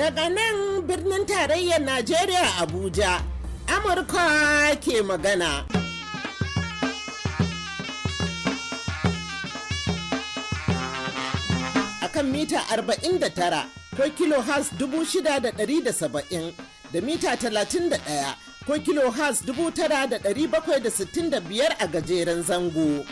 Daga nan birnin tarayyar Najeriya Abuja, Amurka ke magana. Akan mita 49 ko kilo has 6,670 da mita 31 ko kilo has 9,765 a gajeren zango.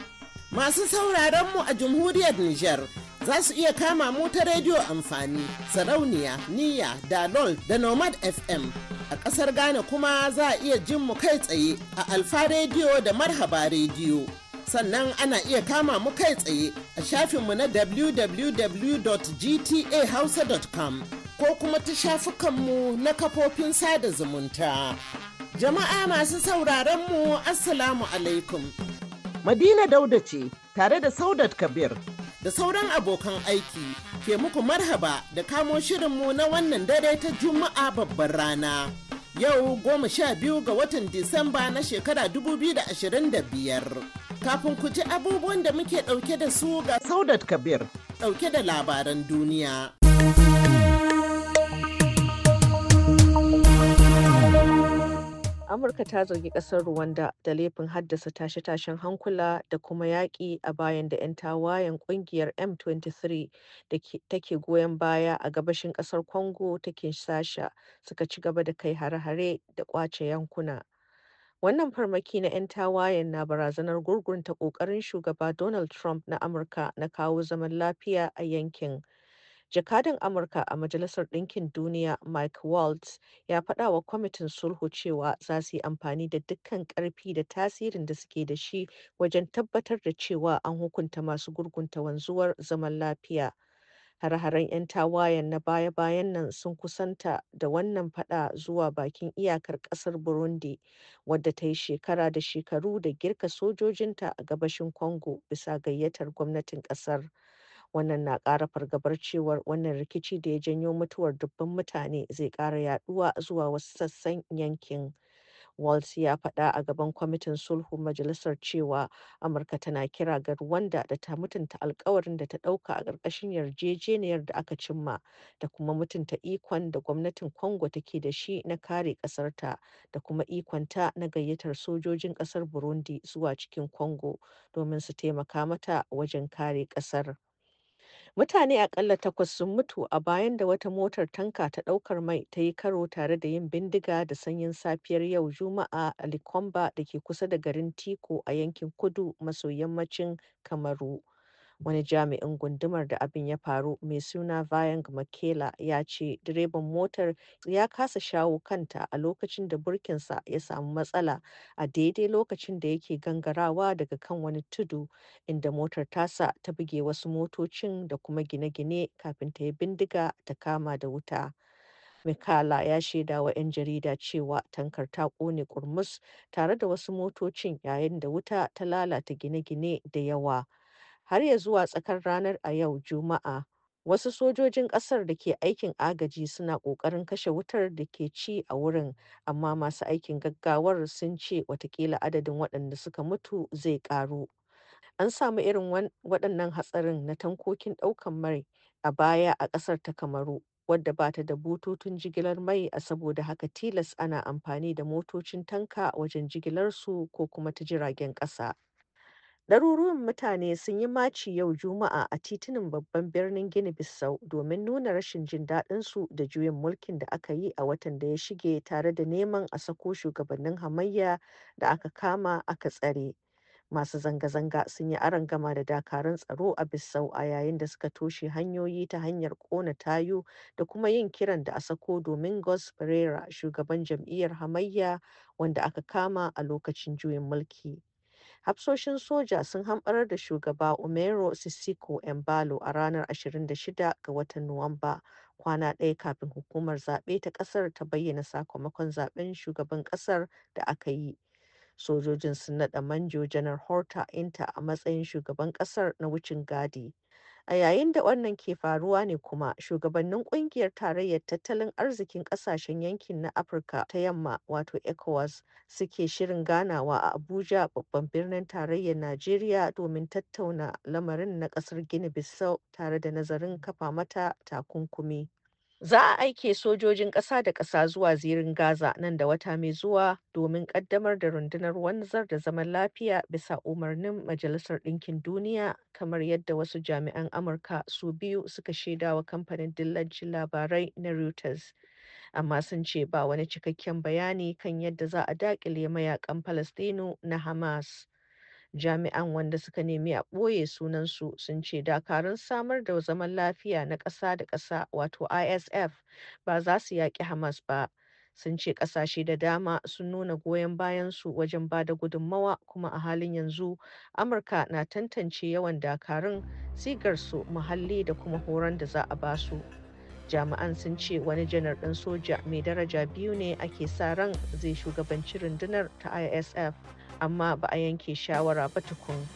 Masu sauraron mu a Jamhuriyar Nijar. za su iya kama mu ta rediyo amfani sarauniya Niya, Da Lol da nomad fm a ƙasar ghana kuma za a iya jin mu kai tsaye a alfa rediyo da marhaba rediyo sannan ana iya kama mu kai tsaye a shafinmu na www.gtahausa.com ko kuma ta shafukanmu na kafofin sada zumunta jama'a masu sauraron mu assalamu alaikum madina dauda ce tare da saudat kabir da sauran abokan aiki ke muku marhaba da kamo shirinmu na wannan dare ta juma'a babbar rana yau goma sha biyu ga watan disamba na shekara da da ashirin biyar. kafin ku ji abubuwan da muke ɗauke da su ga saudat kabir ɗauke da labaran duniya Amurka ta zargi kasar Rwanda da laifin haddasa tashe-tashen hankula da kuma yaƙi a bayan da 'yan tawayen ƙungiyar M23 da take goyon baya a gabashin kasar Congo ta Kinshasa suka ci gaba da kai hare-hare da ƙwace yankuna. Wannan farmaki na 'yan tawayen na barazanar gurgunta ƙoƙarin Shugaba Donald Trump na Amurka na kawo zaman lafiya a yankin. Jakadan Amurka a Majalisar Ɗinkin Duniya Mike Waltz ya faɗa wa kwamitin sulhu cewa za su yi amfani da dukkan ƙarfi da tasirin da suke da shi wajen tabbatar da cewa an hukunta masu gurgunta wanzuwar zaman lafiya. Hare-haren 'yan tawayen na baya-bayan nan sun kusanta da wannan fada zuwa bakin iyakar ƙasar Burundi, wadda ta yi shekara da shekaru da girka sojojinta a gabashin Congo bisa gayyatar gwamnatin ƙasar. wannan na ƙara fargabar cewar wannan rikici da ya janyo mutuwar dubban mutane zai ƙara yaduwa zuwa wasu sassan yankin Waltz ya faɗa a gaban kwamitin sulhu majalisar cewa Amurka tana kira ga Rwanda da ta mutunta alkawarin da ta ɗauka a ƙarƙashin yarjejeniyar da aka cimma da kuma mutunta ikon da gwamnatin Congo take da shi na kare ƙasarta da kuma ikonta na gayyatar sojojin ƙasar Burundi zuwa cikin Congo domin su taimaka mata wajen kare ƙasar. Mutane akalla takwas sun mutu a bayan da wata motar tanka ta ɗaukar mai ta yi karo tare da yin bindiga da sanyin safiyar yau Juma'a a likomba da ke kusa da garin Tiko a yankin kudu maso yammacin Kamaru. Wani jami'in gundumar da abin ya faru mai suna vayang Makela ya ce direban motar ya kasa shawo kanta a lokacin da burkinsa ya samu matsala a daidai lokacin da yake gangarawa daga kan wani tudu inda motar tasa ta buge wasu motocin da kuma gine-gine kafin ta yi bindiga ta kama da wuta. Mikala ya shaida wa 'yan jarida cewa tankar ta kone kurmus tare da wasu motocin yayin da wuta ta lalata gine-gine da yawa. har ya zuwa tsakar ranar a yau Juma'a, wasu sojojin ƙasar da ke aikin agaji suna ƙoƙarin kashe wutar da ke ci a wurin, amma masu aikin gaggawar sun ce watakila adadin waɗanda suka mutu zai ƙaru. An samu irin waɗannan hatsarin na tankokin ɗaukar mai a baya a ƙasar ta Kamaru, wadda ba ta da bututun jigilar mai a saboda haka tilas ana amfani da motocin tanka wajen jigilarsu ko kuma ta jiragen ƙasa. Ɗaruruwan mutane sun yi maci yau Juma'a a titunan babban birnin gini bissau domin nuna rashin jin daɗinsu da juyin mulkin da aka yi a watan da ya shige tare da neman a sako shugabannin hamayya da aka kama aka tsare. Masu zanga-zanga sun yi arangama da dakarun tsaro a Bissau a yayin da suka toshe hanyoyi ta hanyar ƙona tayu da kuma yin kiran da a sako Domingos Pereira, shugaban jam'iyyar hamayya wanda aka kama a lokacin juyin mulki. Hafsoshin soja sun hamɓarar da Shugaba Umaru Sissoco Embalo a ranar 26 ga watan Nuwamba, kwana ɗaya kafin hukumar zaɓe ta ƙasar ta bayyana sakamakon zaɓen shugaban ƙasar da aka yi. Sojojin sun naɗa Manjo Janar Horta inta a matsayin shugaban ƙasar na wucin gadi. A yayin da wannan ke faruwa ne kuma, shugabannin Ƙungiyar Tarayyar Tattalin Arzikin Ƙasashen Yankin na Afirka ta Yamma wato (ECOWAS) suke shirin ganawa a Abuja, babban birnin tarayyar Najeriya, domin tattauna lamarin na ƙasar gini bissau tare da nazarin kafa mata takunkumi. Za a aike sojojin ƙasa da ƙasa zuwa zirin Gaza nan da wata mai zuwa domin ƙaddamar da rundunar wanzar da zaman lafiya bisa umarnin Majalisar Ɗinkin Duniya, kamar yadda wasu jami'an Amurka su biyu suka shaidawa kamfanin dillancin labarai na Reuters. Amma sun ce ba wani cikakken bayani kan yadda za a daƙile mayakan Falastinu na Hamas. jami'an wanda suka nemi a ɓoye sunansu sun ce dakarun samar da zaman lafiya na ƙasa da ƙasa wato isf ba za su yaƙi hamas ba sun ce ƙasashe da dama sun nuna goyon bayansu wajen ba da gudunmawa kuma a halin yanzu amurka na tantance yawan dakarun sigarsu muhalli da kuma horon da za a ba su jami'an sun ce wani janar ɗin soja mai daraja biyu ne ake sa ran zai shugabanci rundunar ta isf amma ba a yanke shawara ba tukun.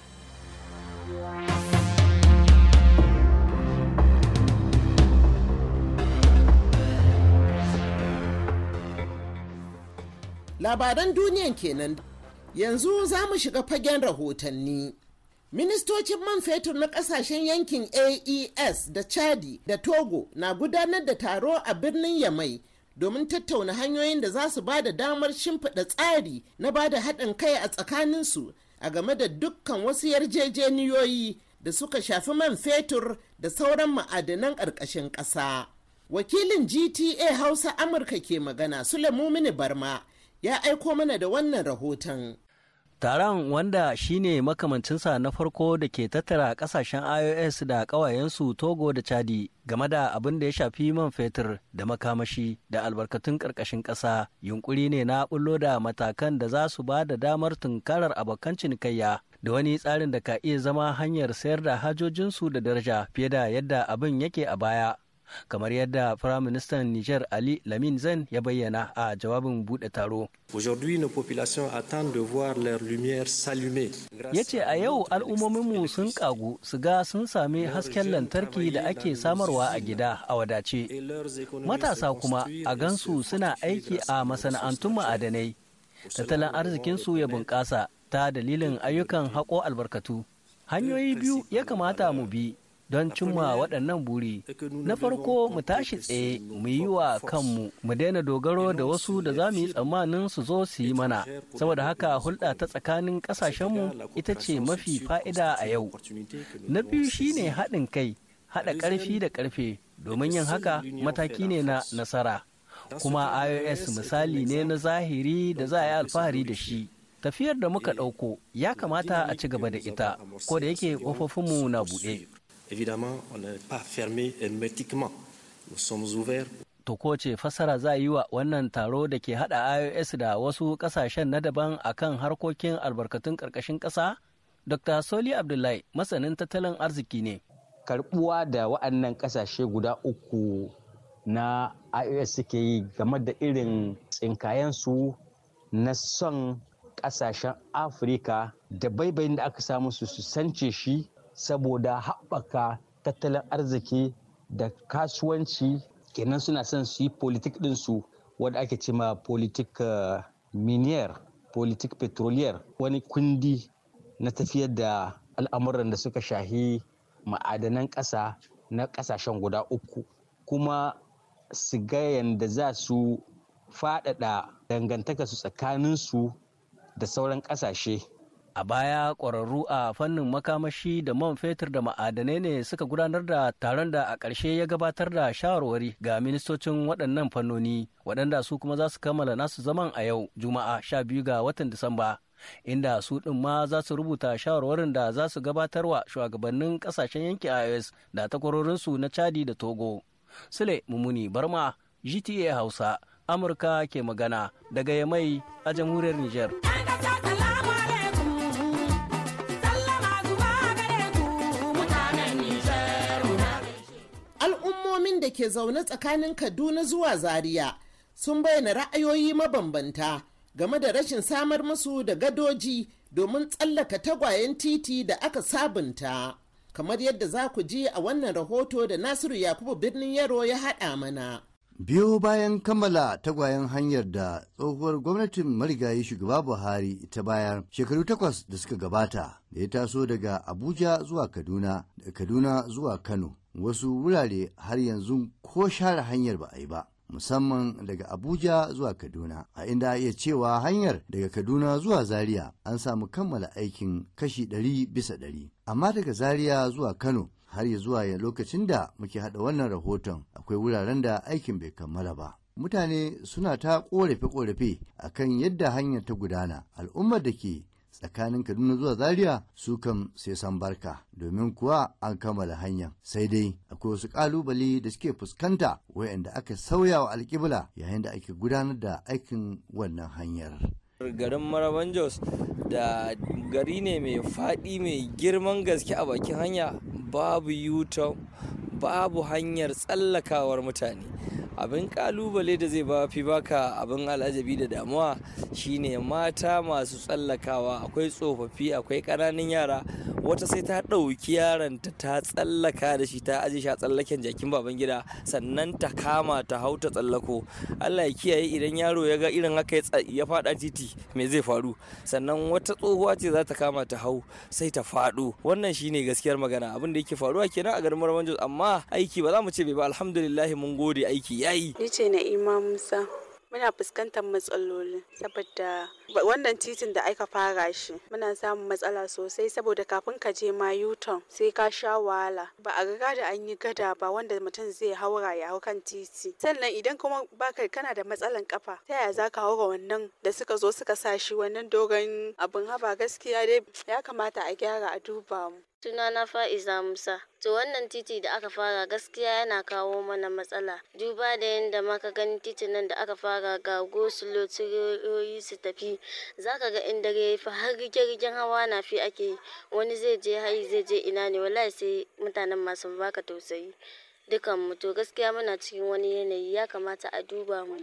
Labaran duniyan kenan yanzu za mu shiga fagen rahotanni. Ministocin man fetur na kasashen yankin AES da Chadi da Togo na gudanar da taro a birnin Yamai domin tattauna hanyoyin da za su ba da damar shimfiɗa tsari na ba da haɗin kai a tsakaninsu a game da dukkan wasu yarjejeniyoyi da suka shafi man fetur da sauran ma'adanan ƙarƙashin ƙasa. Wakilin GTA Hausa Amurka ke magana Sule Mumini Barma ya aiko mana da wannan rahoton. Taron wanda shine makamancinsa na farko da ke tattara kasashen IOS da ƙawayensu Togo da Chadi game da abin da ya shafi man fetur da makamashi da albarkatun ƙarƙashin ƙasa yunkuri ne na bullo da matakan da za su ba da damar tunkarar abokan cinikayya da wani tsarin da ka iya zama hanyar sayar da hajojinsu da daraja fiye da yadda abin yake a baya. kamar yadda firaministan niger ali lamin zan ya bayyana a jawabin buɗe taro ya ce a yau al'ummominmu sun kagu su ga sun sami hasken lantarki da ake samarwa a gida a wadace matasa kuma a gansu suna aiki a masana'antun ma'adanai tattalin arzikinsu ya bunƙasa ta dalilin ayyukan haƙo albarkatu hanyoyi biyu ya kamata mu bi don cimma waɗannan buri. Na farko mu tashi tsaye mu yi wa kanmu mu daina dogaro da wasu da za mu yi tsammanin su zo su yi mana. Saboda haka hulɗa ta tsakanin ƙasashenmu ita ce mafi fa'ida a yau. Na biyu shine haɗin kai, haɗa ƙarfi da ƙarfe domin yin haka mataki ne na nasara. Kuma iOS misali ne na zahiri da za a yi alfahari da shi. tafiyar da muka ɗauko ya kamata a ci gaba da ita ko da yake ƙofofinmu na buɗe Évidemment, on n'est pas fermé hermétiquement. Nous sommes ouverts. To ko ce fassara za yi wa wannan taro da ke hada IOS da wasu kasashen na daban akan harkokin albarkatun karkashin kasa? Dr. Soli Abdullahi masanin tattalin arziki ne. Karbuwa da waɗannan kasashe guda uku na IOS suke yi game da irin tsinkayensu na son kasashen Afirka da baibayin da aka samu su su sance shi saboda haɓaka tattalin arziki da kasuwanci kenan suna son su yi politik ɗinsu wadda ake ce ma politik eh, miniyar politik petroliyar wani kundi na tafiyar da al'amuran da suka shahi ma'adanan ƙasa na ƙasashen guda uku kuma su ga yadda za su faɗaɗa dangantakarsu tsakaninsu da sauran ƙasashe A baya ƙwararru a fannin makamashi da man fetur da ma'adanai ne suka gudanar da taron da a ƙarshe ya gabatar da shawarwari ga ministocin waɗannan fannoni waɗanda su kuma za su kammala nasu zaman a yau Juma'a sha biyu ga watan Disamba. Inda su ɗin ma za su rubuta shawarwarin da za su wa shugabannin ƙasashen yankin IOS da takwarorinsu na Chadi da Togo. Sule Mumuni Barma, GTA Hausa, Amurka ke magana daga Yamai a jamhuriyar Nijar. ke zaune tsakanin Kaduna zuwa Zaria sun bayyana ra'ayoyi mabambanta game da rashin samar musu da gadoji domin tsallaka tagwayen titi da aka sabunta. Kamar yadda za ku ji a wannan rahoto da Nasiru Yakubu birnin Yaro ya haɗa mana. Biyo bayan kammala tagwayen hanyar da tsohuwar gwamnatin marigayi shugaba Buhari ta bayar shekaru takwas da suka gabata da ya taso daga Abuja zuwa Kaduna da Kaduna zuwa Kano. wasu wurare har yanzu ko share hanyar ba a yi ba musamman daga abuja zuwa kaduna a inda iya cewa hanyar daga kaduna zuwa zaria an samu kammala aikin kashi ɗari bisa ɗari amma daga zaria zuwa kano har ya zuwa ya lokacin da muke haɗa wannan rahoton akwai wuraren da aikin bai kammala ba mutane suna ta korafe-korafe kan yadda hanyar ta gudana al'ummar da ke tsakanin Kaduna zuwa Zaria su kam sai san barka domin kuwa an kammala hanyar sai dai akwai wasu kalubale da suke fuskanta wayanda aka sauya wa alƙibla yayin da ake gudanar da aikin wannan hanyar. garin maraban jos da gari ne mai faɗi mai girman gaske a bakin hanya babu yuton babu hanyar tsallakawar mutane abin kalubale da zai bafi baka abin al'ajabi da damuwa shine mata masu tsallakawa akwai tsofaffi akwai ƙananan yara wata sai ta ɗauki yaranta ta tsallaka da shi ta aje shi a tsallaken jakin baban gida sannan ta kama ta hau ta tsallako allah ya kiyaye idan yaro ya ga irin haka ya faɗa titi me zai faru sannan wata tsohuwa ce za ta kama ta hau sai ta faɗo wannan shine gaskiyar magana abin da yake faruwa kenan a garin marmanjos amma aiki ba za mu ce bai ba alhamdulillah mun gode aiki yayi ni ce ima musa muna fuskantar matsaloli saboda wannan titin da aka fara shi muna samun matsala sosai saboda kafin ka je ma yuton sai ka sha wahala ba a riga da an yi gada ba wanda mutum zai haura ya hau kan titi sannan idan kuma baka kana da matsalan kafa ta yaya za ka haura wannan da suka zo suka sa shi wannan dogon abin haba gaskiya dai ya kamata a gyara a duba mu Sunana Fa'iza Musa. To wannan titi da aka fara gaskiya yana kawo mana matsala. Duba da yadda maka gani titin nan da aka fara ga gosulo tiriyoyi su tafi. Za ka ga in dare ya fi har rigirgin hawa na fi ake wani zai je hayi zai je ina ne wallahi sai mutanen masu baka tausayi. Dukan mu to gaskiya muna cikin wani yanayi ya kamata a duba mu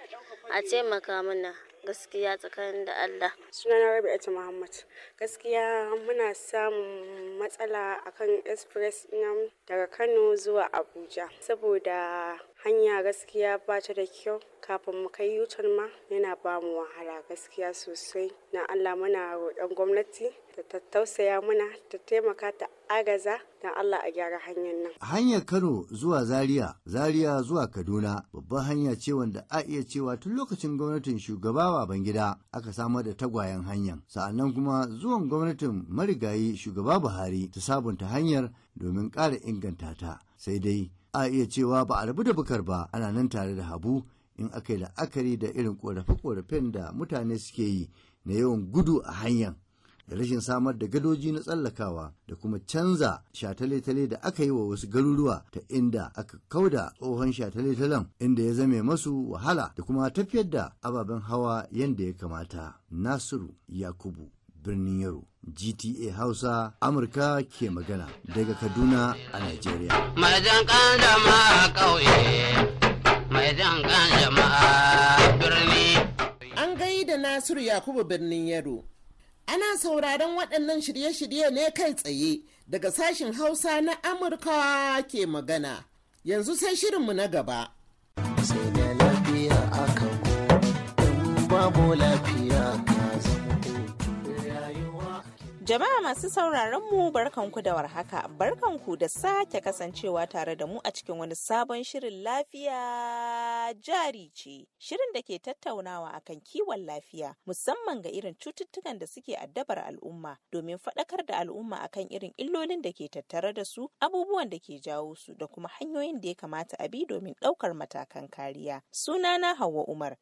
a taimaka mana. gaskiya tsakanin da Allah. Sunana Rabi'atu Muhammad. Gaskiya muna samun matsala akan express ina daga Kano zuwa Abuja saboda hanya gaskiya ba ta da kyau kafin mu kai yutan ma yana ba mu wahala gaskiya sosai na allah muna roƙon gwamnati da ta tausaya muna ta taimaka ta agaza don allah a gyara hanyar nan hanyar kano zuwa zaria zaria zuwa kaduna babban hanya ce wanda a iya cewa tun lokacin gwamnatin shugaba babangida aka samar da tagwayen hanyar sa'annan kuma zuwan gwamnatin marigayi shugaba buhari ta sabunta hanyar domin ƙara inganta ta sai dai a iya cewa ba a rabu da bukar ba ana nan tare da habu in aka yi la'akari da irin korafe-korafen da mutane suke yi na yawan gudu a hanyar da rashin samar da gadoji na tsallakawa da kuma canza shatale da aka yi wa wasu garuruwa ta inda aka kauda tsohon shatale inda ya zame masu wahala da kuma tafiyar da ababen hawa yadda ya kamata nasiru yakubu birnin yaro gta hausa amurka ke magana daga kaduna a nigeria mai jankan jama'a ƙauye, mai jama'a birni an gaida nasiru yakubu birnin yaro ana sauraron waɗannan shirye-shirye ne kai tsaye daga sashen hausa na amurka ke magana yanzu sai shirinmu na gaba sai da lafiya akan babu lafiya Jama'a masu sauraron mu barkanku da warhaka, barkanku da sake kasancewa tare da mu a cikin wani sabon shirin lafiya jari ce. Shirin da ke tattaunawa akan kiwon lafiya musamman ga irin cututtukan da suke addabar al'umma domin faɗakar da al'umma akan irin illolin da ke tattare da su, abubuwan da ke jawo su da kuma hanyoyin da ya kamata a bi domin ɗaukar matakan kariya. Sunana Hauwa Umar.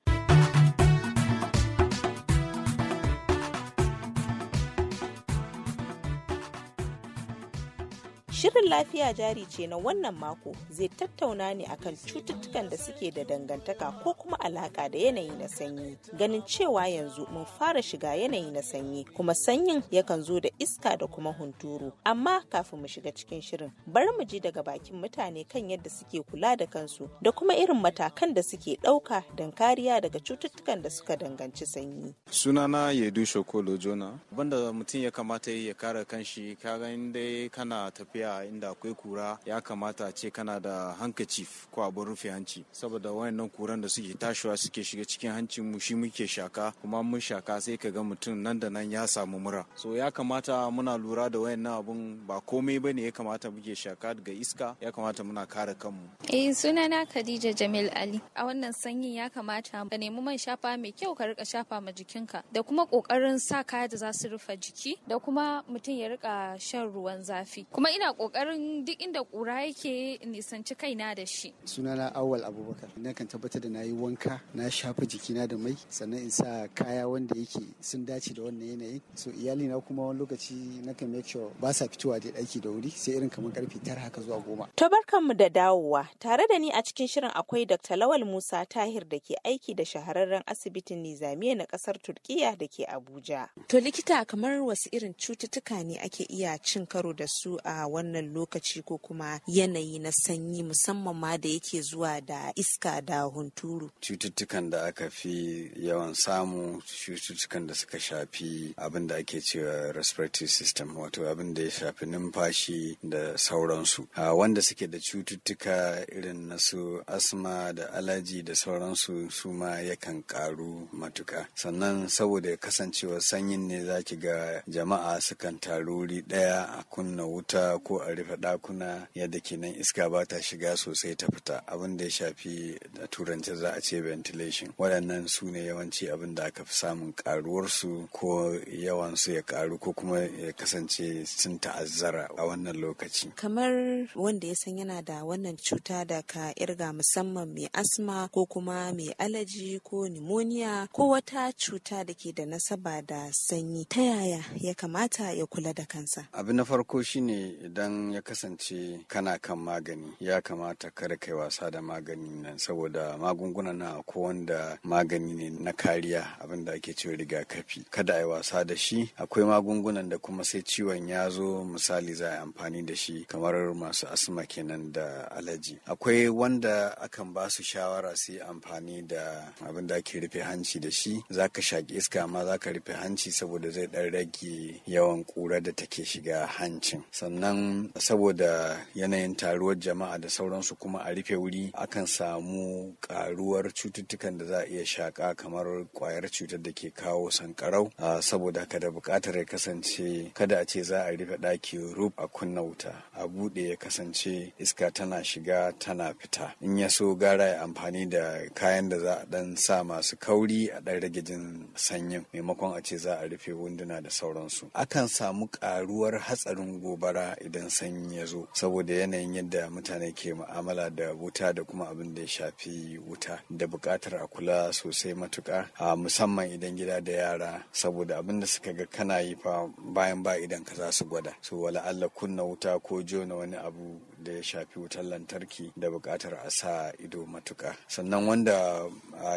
Shirin lafiya jari ce na wannan mako zai tattauna ne akan cututtukan da suke da dangantaka ko kuma alaka da yanayi na sanyi. Ganin cewa yanzu mun fara shiga yanayi na sanyi kuma sanyin yakan zo da iska da kuma hunturu. Amma kafin mu shiga cikin shirin bari mu ji daga bakin mutane kan yadda suke kula da kansu da kuma irin matakan da suke ɗauka don kariya daga cututtukan da suka danganci sanyi. Sunana Yedu Shokolo Jona. Banda mutum ya kamata ya kare kanshi kaga dai kana tafiya tafiya inda akwai kura ya kamata a ce kana da hankacif ko abin rufe hanci saboda wayannan kuran da suke tashiwa suke shiga cikin hancin mu shi muke shaka kuma mun shaka sai ka ga mutum nan da nan ya samu mura so ya kamata muna lura da wayannan abun ba komai bane ya kamata muke shaka daga iska ya kamata muna kare kanmu eh sunana Khadija Jamil Ali a wannan sanyin ya kamata ka nemi man shafa mai kyau ka rika shafa ma jikinka da kuma kokarin sa kaya da za su rufe jiki da kuma mutum ya rika shan ruwan zafi kuma ina kokarin duk inda kura yake nisanci kaina da shi sunana awal abubakar na kan tabbatar da na yi wanka na shafa jikina da mai sannan in sa kaya wanda yake sun dace da wannan yanayin so iyali na kuma wani lokaci na kan make sure ba sa fitowa da aiki da wuri sai irin kamar karfe tara haka zuwa goma to barkanmu da dawowa tare da ni a cikin shirin akwai dr lawal musa tahir da ke aiki da shahararren asibitin nizamiya na kasar turkiya da ke abuja to likita kamar wasu irin cututtuka ne ake iya cin karo da su a wani wannan lokaci ko kuma yanayi na sanyi musamman ma da yake zuwa da iska da hunturu cututtukan da aka fi yawan samu cututtukan da suka shafi abin da ake cewa respiratory system wato abin da ya shafi numfashi da sauransu wanda suke da cututtuka irin na su asma da alaji da sauransu su ma yakan karu matuka sannan saboda kasancewa sanyin ne za ki ga jama'a sukan taruri ɗaya a kunna wuta ko ko a rufe ɗakuna yadda kenan iska ba ta shiga sosai ta fita abin da ya shafi da turanci za a ce ventilation waɗannan su ne yawanci abin da aka fi samun karuwarsu ko yawansu ya karu ko kuma ya kasance sun ta'azzara a wannan lokaci kamar wanda ya san yana da wannan cuta da ka irga musamman mai asma ko kuma mai alaji ko pneumonia ko wata cuta da ke da nasaba da sanyi ta yaya ya kamata ya kula da kansa abu na farko shine idan idan ya kasance kana kan magani ya kamata kada kai wasa da magani nan saboda magungunan na ko wanda magani ne na kariya abin da ake cewa rigakafi kada a yi wasa da shi akwai magungunan da kuma sai ciwon ya zo misali za a yi amfani da shi kamar masu asma kenan da alaji akwai wanda akan ba su shawara su yi amfani da abin da ake rufe hanci da shi za ka shaƙi iska amma za ka rufe hanci saboda zai ɗan rage yawan ƙura da take shiga hancin sannan saboda yanayin taruwar jama'a da sauransu kuma a rufe wuri akan samu karuwar cututtukan da za a iya shaka kamar kwayar cutar da ke kawo sankarau saboda haka da bukatar ya kasance kada a ce za a rufe ɗakin rub a kunna wuta a buɗe ya kasance iska tana shiga tana fita in ya so gara ya amfani da kayan da za a ɗan sa masu kauri a ɗan rage jin sanyin maimakon a ce za a rufe wunduna da sauransu akan samu karuwar hatsarin gobara idan idan sanyi ya zo saboda yanayin yadda mutane ke mu'amala da wuta da kuma abin da ya shafi wuta da buƙatar a kula sosai matuƙa a musamman idan gida da yara saboda abin da suka ga kana yi fa bayan ba idan ka za su gwada so wala Allah kunna wuta ko jona wani abu da ya shafi wutar lantarki da buƙatar a sa ido matuƙa sannan wanda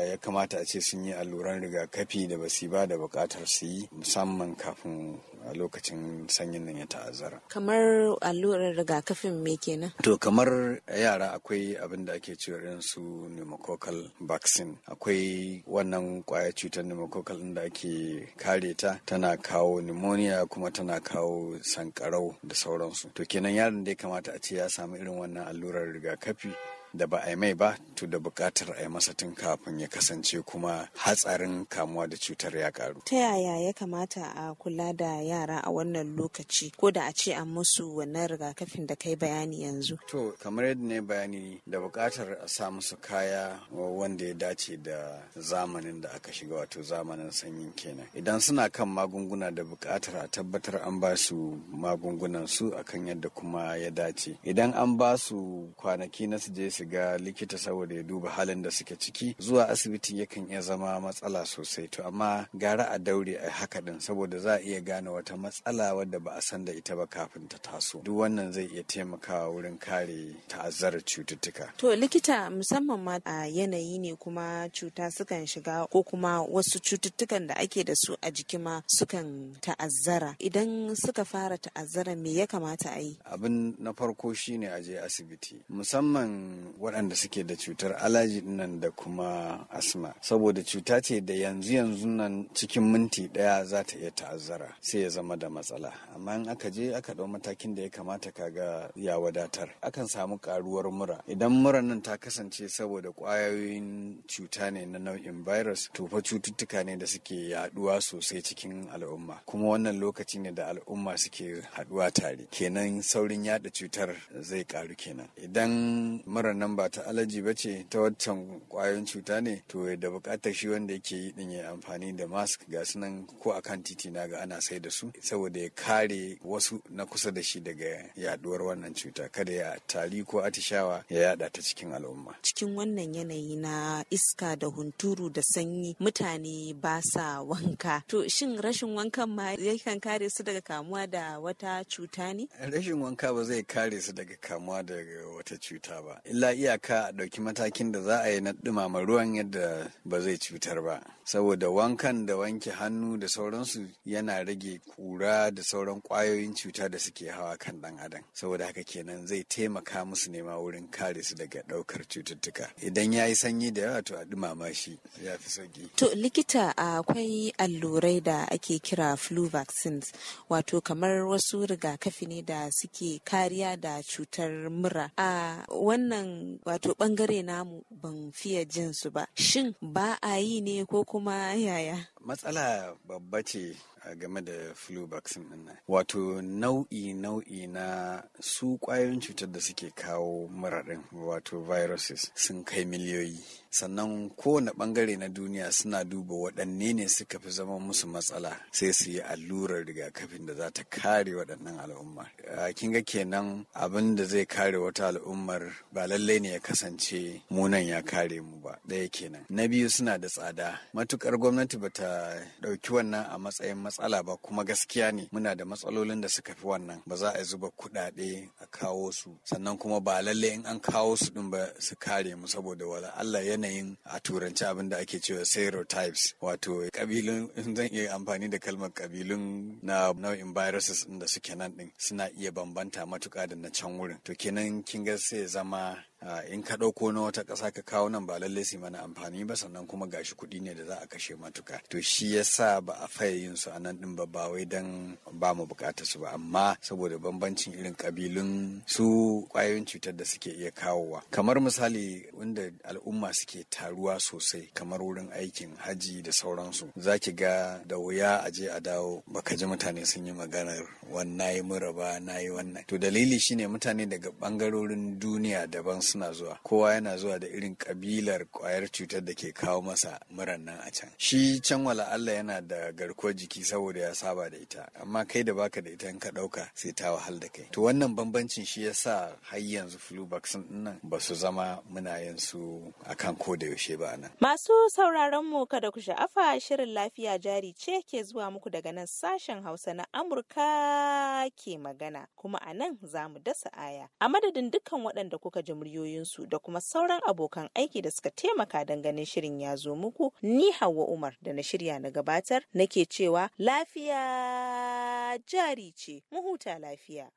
ya kamata a ce sun yi alluran rigakafi da basi ba da buƙatar su yi musamman kafin a lokacin sanyin nan ya ta'azzara. Kamar allurar rigakafin me kenan? To kamar yara akwai abin da ake cewa irin su pneumococcal vaccine. Akwai wannan kwaya cutar pneumococcal da ake kare ta tana kawo pneumonia kuma tana kawo sankarau da sauransu. To kenan yaron da ya kamata a ce ya samu irin wannan allurar rigakafi da ba a yi mai ba to da bukatar a yi masa tun kafin ya kasance kuma hatsarin kamuwa da cutar ya karu. Ta yaya ya kamata a kula da yara a wannan lokaci ko da a ce an musu wannan rigakafin da kai bayani yanzu? To kamar yadda ne bayani da bukatar a sa musu kaya wanda ya dace da zamanin da aka shiga wato zamanin sanyin kenan. Idan suna kan magunguna da bukatar a tabbatar an ba su magungunan su akan yadda kuma ya dace. Idan an ba su kwanaki na su je su ga likita saboda ya duba halin da suke ciki zuwa asibiti yakan iya zama matsala sosai to amma gara a daure a haka din saboda za a iya gane wata matsala wadda ba a san da ita ba kafin ta taso duk wannan zai iya taimakawa wurin kare ta'azzarar cututtuka to likita musamman ma a yanayi ne kuma cuta sukan shiga ko kuma wasu cututtukan da ake da su a jiki ma sukan ta'azzara idan suka fara ta'azzara me ya kamata a yi abin na farko shine a je asibiti musamman waɗanda suke da cutar alaji nan da kuma asma saboda cuta ce da yanzu yanzu nan cikin minti ɗaya za ta iya ta'azzara sai ya zama da matsala amma in aka je aka ɗau matakin da ya kamata ka ga ya wadatar akan samu ƙaruwar mura idan mura nan ta kasance saboda ƙwayoyin cuta ne na nau'in virus to fa cututtuka ne da suke yaɗuwa sosai cikin al'umma kuma wannan lokaci ne da al'umma suke haɗuwa tare kenan saurin yaɗa cutar zai ƙaru kenan idan mura nan ba ta alaji ba ce ta waccan kwayoyin cuta ne to da bukatar shi wanda yake yi din ya amfani da mask ga su nan ko akan titi na ga ana sai da su saboda ya kare wasu na kusa da shi daga yaduwar wannan cuta kada ya tari ko atishawa ya yada ta cikin al'umma cikin wannan yanayi na iska da hunturu da sanyi mutane ba sa wanka to shin rashin wankan ma yakan kare su daga kamuwa da wata cuta ne rashin wanka ba zai kare su daga kamuwa daga wata cuta ba illa illa iyaka a ɗauki matakin da za a yi na ɗumama ruwan yadda ba zai cutar ba saboda wankan da wanke hannu da sauransu yana rage kura da sauran kwayoyin cuta da suke hawa kan ɗan adam saboda haka kenan zai taimaka musu nema wurin kare su daga ɗaukar cututtuka idan ya yi sanyi da yawa to a dumama shi ya fi sauki. to likita akwai allurai da ake kira flu vaccines wato kamar wasu rigakafi ne da suke kariya da cutar mura a wannan wato bangare namu ban fiye jin su ba shin ba a yi ne ko kuma yaya matsala babba ce a game da flu vaccine din nan wato nau'i nau'i na su kwayoyin cutar da suke kawo muradin wato viruses sun kai miliyoyi sannan kowane bangare na duniya suna duba waɗanne ne suka fi zama musu matsala sai su yi allurar rigakafin da za ta kare waɗannan al'umma ah, kin ga kenan abin da zai kare wata al'ummar ba lallai ne ya kasance munan ya kare mu ba ɗaya kenan na biyu suna da tsada matukar gwamnati ba ta ɗauki wannan a matsayin matsala ba kuma gaskiya ne muna da matsalolin da suka fi wannan ba za a zuba kuɗaɗe a kawo su sannan kuma ba lallai in an kawo su ɗin ba su kare mu saboda wala Allah ya yanayin a turanci abin da ake cewa serotypes wato kabilun zan iya amfani da kalmar kabilun na nau'in viruses da suke nan din suna iya bambanta matuka da na can wurin to kenan kin ga sai zama Ah, in ka ɗauko na wata ƙasa ka kawo nan ba lallai su mana amfani ba sannan kuma gashi kuɗi ne da za a kashe matuka to shi ya sa ba a faye yin su a nan ɗin ba ba wai dan ba mu buƙatar su ba amma saboda bambancin irin ƙabilun su ƙwayoyin cutar da suke iya kawowa kamar misali wanda al'umma suke taruwa sosai kamar wurin aikin hajji da sauransu za ki ga da wuya a je a dawo baka ji mutane sun yi maganar wannan yi mura ba na yi wannan to dalili shine mutane daga ɓangarorin duniya daban suna zuwa kowa yana zuwa da irin kabilar kwayar cutar da ke kawo masa muran nan a can shi can wala Allah yana da garkuwar jiki saboda ya saba da ita amma kai da baka da ita in ka ɗauka sai ta wahal da kai to wannan bambancin shi yasa har yanzu flu vaccine nan ba su zama muna yin su akan ko da yaushe ba nan masu sauraron mu kada ku sha'afa shirin lafiya jari ce ke zuwa muku daga nan sashen Hausa na Amurka ke magana kuma a nan za mu dasa aya a madadin dukkan waɗanda kuka ji muryoyi ra'ayoyinsu da kuma sauran abokan aiki da suka taimaka don ganin shirin ya zo muku ni Hauwa Umar da na shirya na gabatar nake cewa lafiya jari ce mu huta lafiya.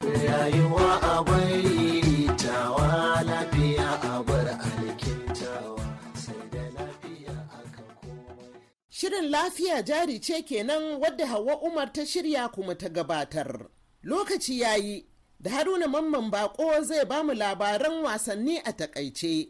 Shirin lafiya jari ce kenan wadda Hauwa Umar ta shirya kuma ta gabatar. Lokaci yayi da haruna mamman bako zai bamu labaran wasanni a takaice.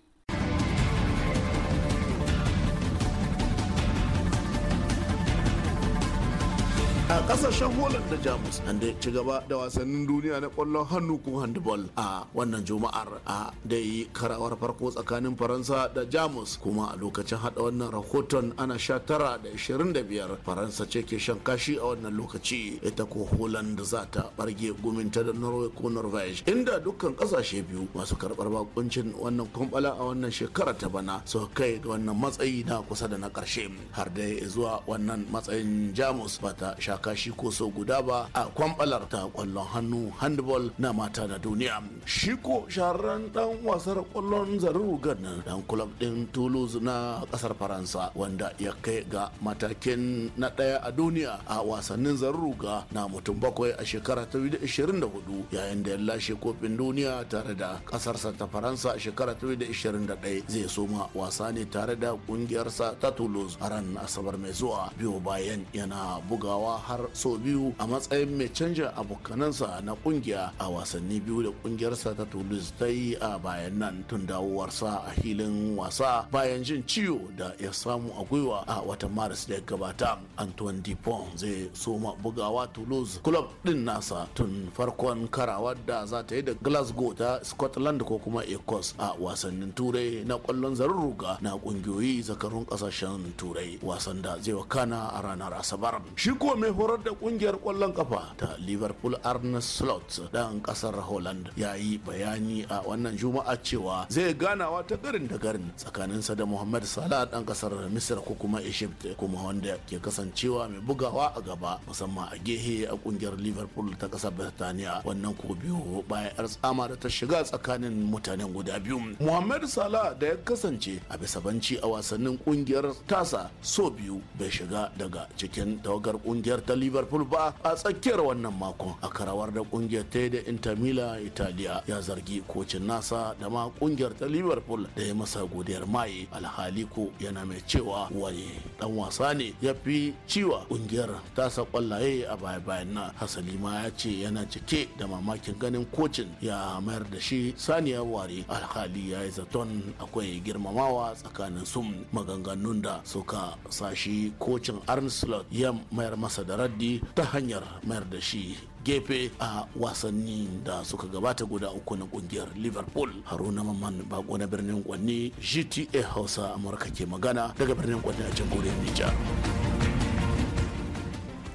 a kasashen Holland da Jamus an da ci gaba da wasannin duniya na kwallon hannu ko handball a wannan juma'ar a da yi karawar farko tsakanin Faransa da Jamus kuma a lokacin hada wannan rahoton ana sha tara da ishirin da biyar Faransa ce ke shan kashi a wannan lokaci ita ko Holland za ta barge guminta da Norway ko Norvege inda dukkan kasashe biyu masu karbar bakuncin wannan kwambala a wannan shekara ta bana su kai da wannan matsayi na kusa da na karshe har da zuwa wannan matsayin Jamus ba ta sha kashi ko sau guda ba a kwambalar ta kwallon hannu handball na mata na duniya shi ko shahararren dan wasar kwallon zarin rugar dan kulab din toulouse na kasar faransa wanda ya kai ga matakin na daya a duniya a wasannin zarin ga na mutum bakwai a shekara ta 2024 yayin da ya lashe kofin duniya tare da kasarsa ta faransa a shekara ta 2021 zai soma wasa ne tare da kungiyarsa ta toulouse a ran asabar mai zuwa biyo bayan yana bugawa har har sau biyu a matsayin mai canja abokanansa na kungiya a wasanni biyu da kungiyarsa ta Toulouse ta yi a bayan nan tun dawowarsa a filin wasa bayan jin ciwo da ya samu a gwiwa a watan Maris da ya gabata. Antoine Dupont zai soma bugawa Toulouse club din nasa tun farkon karawa da za ta yi da Glasgow ta Scotland ko kuma Ecos a wasannin Turai na kwallon zaruruga na kungiyoyi zakarun kasashen Turai wasan da zai wakana a ranar Asabar. Shi kuwa mai horar da kungiyar kwallon kafa ta liverpool arne slot dan kasar holland ya yi bayani a wannan juma'a cewa zai ganawa ta garin da garin tsakaninsa da muhammad salah dan kasar misir ko kuma egypt kuma wanda ke kasancewa mai bugawa a gaba musamman a gehe a kungiyar liverpool ta kasar birtaniya wannan ko biyu bayan yar tsama da ta shiga tsakanin mutanen guda biyu muhammad salah da ya kasance a bisa banci a wasannin kungiyar tasa so biyu bai shiga daga cikin tawagar kungiyar ta liverpool ba a tsakiyar wannan makon a karawar da kungiyar ta da inter milan italiya ya zargi kocin nasa da ma kungiyar ta liverpool da ya masa godiyar maye alhali ko yana mai cewa waye. dan wasa ne ya fi ciwa kungiyar tasa kwallaye a baya bayan na hasali ma ya ce yana cike da mamakin ganin kocin ya mayar da shi saniya ware alhali ya yi zaton akwai girmamawa tsakanin sun maganganun da suka sashi kocin arnold ya mayar masa da da raddi ta hanyar mayar da shi gefe a wasanni da suka gabata guda uku na kungiyar liverpool haruna mamman bako na birnin kwanni gta hausa amurka ke magana daga birnin kwanni a jamhuriyar nijar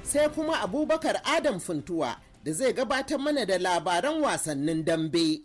sai kuma abubakar adam funtuwa da zai gabatar mana da labaran wasannin dambe.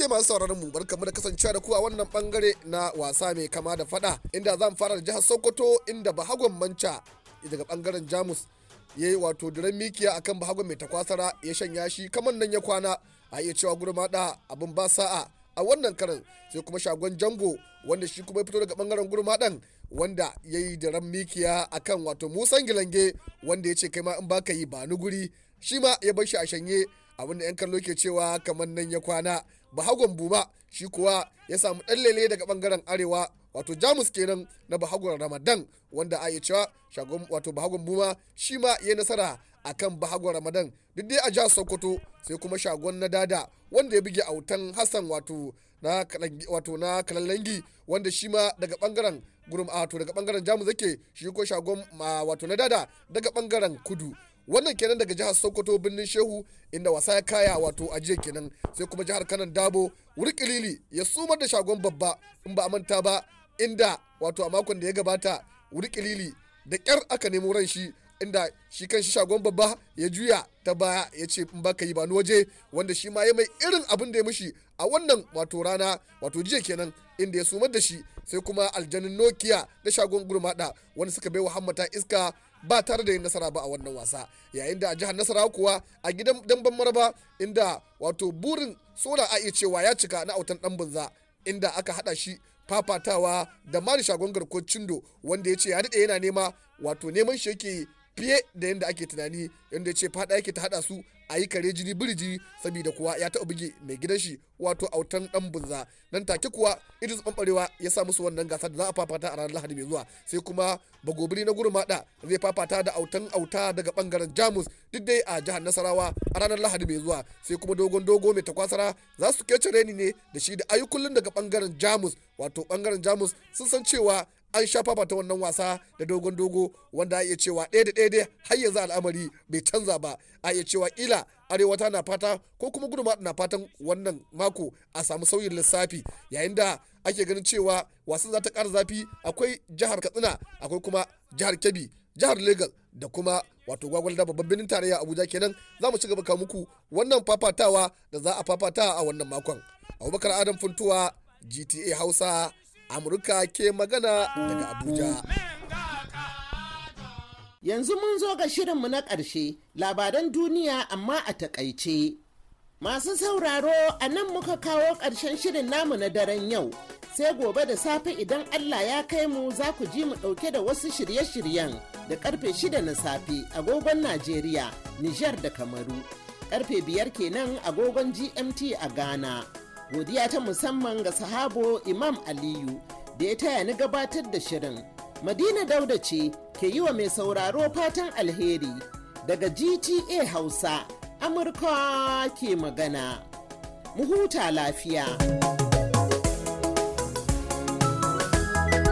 take masu sauraron mu barkamu da kasancewa da ku a wannan bangare na wasa mai kama da fada inda zan fara da jihar Sokoto inda Bahagon Manca daga bangaren Jamus ya yi wato diren mikiya akan Bahagon mai takwasara ya shanya shi kamar nan ya kwana a iya cewa gurma da abin ba sa'a a wannan karan sai kuma shagon jango wanda shi kuma ya fito daga bangaren gurma dan wanda ya yi diren mikiya akan wato musan gilange wanda ya ce kai ma in baka yi ba ni guri shi ma ya bar shi a shanye abinda 'yan kallo ke cewa kamar nan ya kwana bahagon buba shi kuwa ya samu dan lele daga bangaren arewa wato jamus kenan na bahagon ramadan wanda a cewa shagon wato bahagon buma shi ma ya nasara a kan bahagon ramadan duk dai a jihar sokoto sai kuma shagon na dada wanda ya buge autan hassan wato na wato na kalallangi wanda shi ma daga bangaren gurum a daga bangaren jamus yake shi ko shagon wato na dada daga bangaren kudu wannan kenan daga jihar sokoto birnin shehu inda wasa ya kaya wato a jiya kenan sai kuma jihar kanan dabo wurkilili ya sumar da shagon babba in ba a manta ba inda wato a makon da ya gabata wurkilili da kyar aka nemo ran shi inda shi kan shi shagon babba ya juya ta baya ya ce in baka yi ba ni waje wanda shi ma ya mai irin abin da ya mishi a wannan wato rana wato jiya kenan inda ya sumar da shi sai kuma aljanin nokia da shagon gurmada wanda suka bai wa hammata iska ba tare da yin nasara ba a wannan wasa yayin da a jihar nasara kuwa a gidan damban maraba inda wato burin sola a iya cewa ya cika na autan dan banza inda aka hada shi fafatawa da mari shagon garkon cindo wanda ya ce ya daɗe yana nema wato neman shi yake fiye da yadda ake tunani yadda ce fada yake ta hada su a yi kare jini biri jini saboda kuwa ya taɓa buge mai gidan shi wato autan dan bunza nan take kuwa su bambarewa ya sa musu wannan gasa da za a fafata a ranar lahadi mai zuwa sai kuma bagobiri na da zai fafata da autan auta daga bangaren jamus duk dai a jihar nasarawa a ranar lahadi mai zuwa sai kuma dogon dogo mai takwasara za su kece reni ne da shi da kullum daga bangaren jamus wato bangaren jamus sun san cewa an sha fafata wannan wasa da dogon dogo wanda a iya cewa ɗaya da ɗaya dai har yanzu al'amari bai canza ba a iya cewa arewa arewata na fata ko kuma guduma na fatan wannan mako a samu sauyin lissafi yayin da ake ganin cewa wasan za ta ƙara zafi akwai jihar katsina akwai kuma jihar kebbi jihar legas da kuma wato gwagwal da babban birnin tarayya abuja kenan za mu ci gaba ka muku wannan fafatawa da za a fafata a wannan makon abubakar adam funtuwa gta hausa Amurka ke magana daga Abuja. Yanzu mun zo ga shirinmu na ƙarshe labaran duniya amma a taƙaice. Masu sauraro a nan muka kawo ƙarshen shirin namu na daren yau. Sai gobe da safe idan Allah ya kai mu za ku ji mu ɗauke da wasu shirye-shiryen da ƙarfe shida na safe agogon Najeriya, Nijar da Kamaru. ƙarfe biyar kenan agogon GMT a Ghana. godiya ta musamman ga sahabo imam aliyu da ya taya ni gabatar da shirin madina dauda ce ke yi wa mai sauraro fatan alheri daga gta hausa amurka ke magana mu huta lafiya.